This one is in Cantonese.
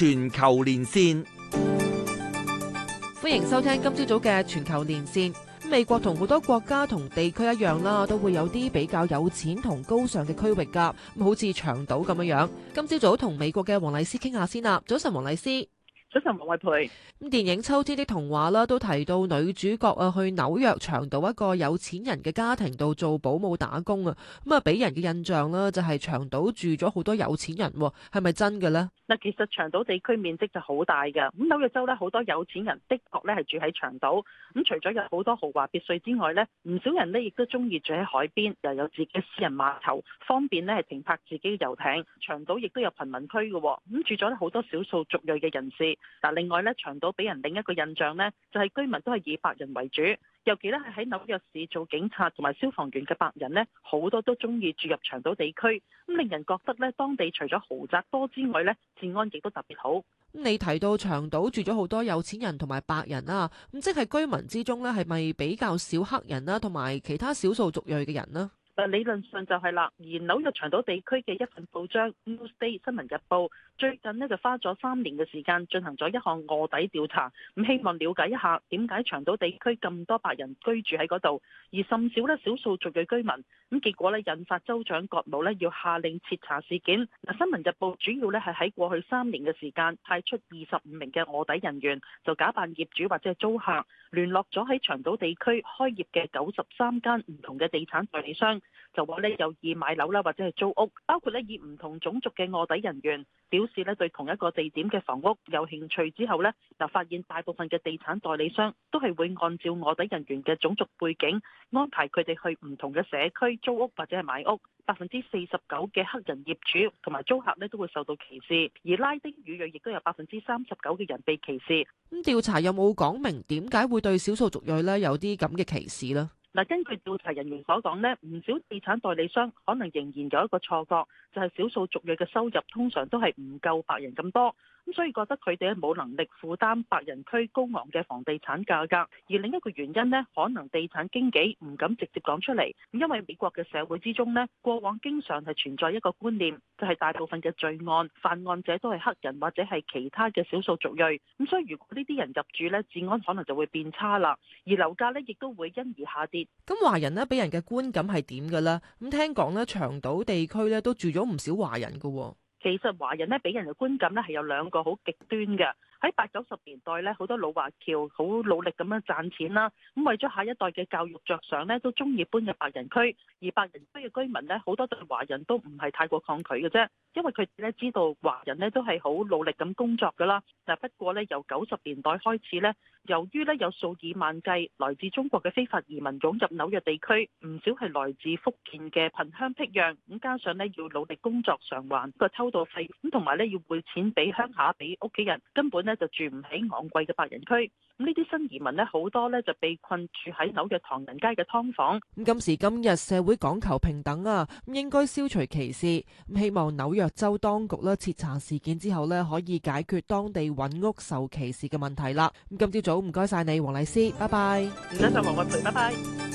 全球連線，歡迎收聽今朝早嘅全球連線。美國同好多國家同地區一樣啦，都會有啲比較有錢同高尚嘅區域噶。好似長島咁樣樣。今朝早同美國嘅黃麗施傾下先啦。早晨，黃麗施。早晨，王慧蓓。咁電影《秋天的童話》啦，都提到女主角啊去紐約長島一個有錢人嘅家庭度做保姆打工啊。咁啊，俾人嘅印象啦，就係長島住咗好多有錢人，係咪真嘅呢？其實長島地區面積就好大嘅，咁紐約州咧好多有錢人，的確咧係住喺長島。咁除咗有好多豪華別墅之外咧，唔少人咧亦都中意住喺海邊，又有自己私人碼頭，方便咧係停泊自己遊艇。長島亦都有貧民區嘅，咁住咗好多少數族裔嘅人士。嗱，另外咧，長島俾人另一個印象呢，就係、係、居民都係以白人為主。尤其咧係喺紐約市做警察同埋消防員嘅白人呢，好多都中意住入長島地區，咁令人覺得咧，當地除咗豪宅多之外咧，治安亦都特別好。你提到長島住咗好多有錢人同埋白人啊，咁即係居民之中咧，係咪比較少黑人啦，同埋其他少數族裔嘅人啦？理論上就係啦，而紐約長島地區嘅一份報章《Newsday》新聞日報最近呢就花咗三年嘅時間進行咗一項臥底調查，咁希望了解一下點解長島地區咁多白人居住喺嗰度，而甚少咧少數族裔居民，咁結果呢，引發州長葛魯呢要下令徹查事件。嗱，新聞日報主要呢係喺過去三年嘅時間派出二十五名嘅臥底人員，就假扮業主或者係租客聯絡咗喺長島地區開業嘅九十三間唔同嘅地產代理商。就話呢有意買樓啦，或者係租屋，包括呢以唔同種族嘅卧底人員表示呢對同一個地點嘅房屋有興趣之後呢，就發現大部分嘅地產代理商都係會按照卧底人員嘅種族背景安排佢哋去唔同嘅社區租屋或者係買屋。百分之四十九嘅黑人業主同埋租客呢都會受到歧視，而拉丁語裔亦都有百分之三十九嘅人被歧視。咁調查有冇講明點解會對少數族裔呢有啲咁嘅歧視呢？根據調查人員所講呢，唔少地產代理商可能仍然有一個錯覺，就係少數族裔嘅收入通常都係唔夠白人咁多。咁所以覺得佢哋冇能力負擔白人區高昂嘅房地產價格，而另一個原因呢，可能地產經紀唔敢直接講出嚟，因為美國嘅社會之中呢，過往經常係存在一個觀念，就係大部分嘅罪案犯案者都係黑人或者係其他嘅少數族裔，咁所以如果呢啲人入住呢，治安可能就會變差啦，而樓價呢亦都會因而下跌。咁華人呢，俾人嘅觀感係點㗎啦？咁聽講呢，長島地區呢都住咗唔少華人㗎喎。其實華人咧俾人嘅觀感咧係有兩個好極端嘅。喺八九十年代咧，好多老華僑好努力咁樣賺錢啦，咁為咗下一代嘅教育着想呢，都中意搬入白人區，而白人區嘅居民呢，好多對華人都唔係太過抗拒嘅啫，因為佢哋咧知道華人呢都係好努力咁工作噶啦。嗱，不過呢，由九十年代開始呢，由於呢有數以萬計來自中國嘅非法移民湧入紐約地區，唔少係來自福建嘅貧鄉僻壤，咁加上呢要努力工作償還個偷渡費，咁同埋呢要匯錢俾鄉下俾屋企人，根本咧就住唔起昂貴嘅白人區，咁呢啲新移民咧好多咧就被困住喺紐約唐人街嘅劏房。咁今時今日社會講求平等啊，咁應該消除歧視。咁希望紐約州當局咧徹查事件之後咧，可以解決當地揾屋受歧視嘅問題啦。咁今朝早唔該晒你，黃麗施，拜拜。唔該，王慧蓓，拜拜。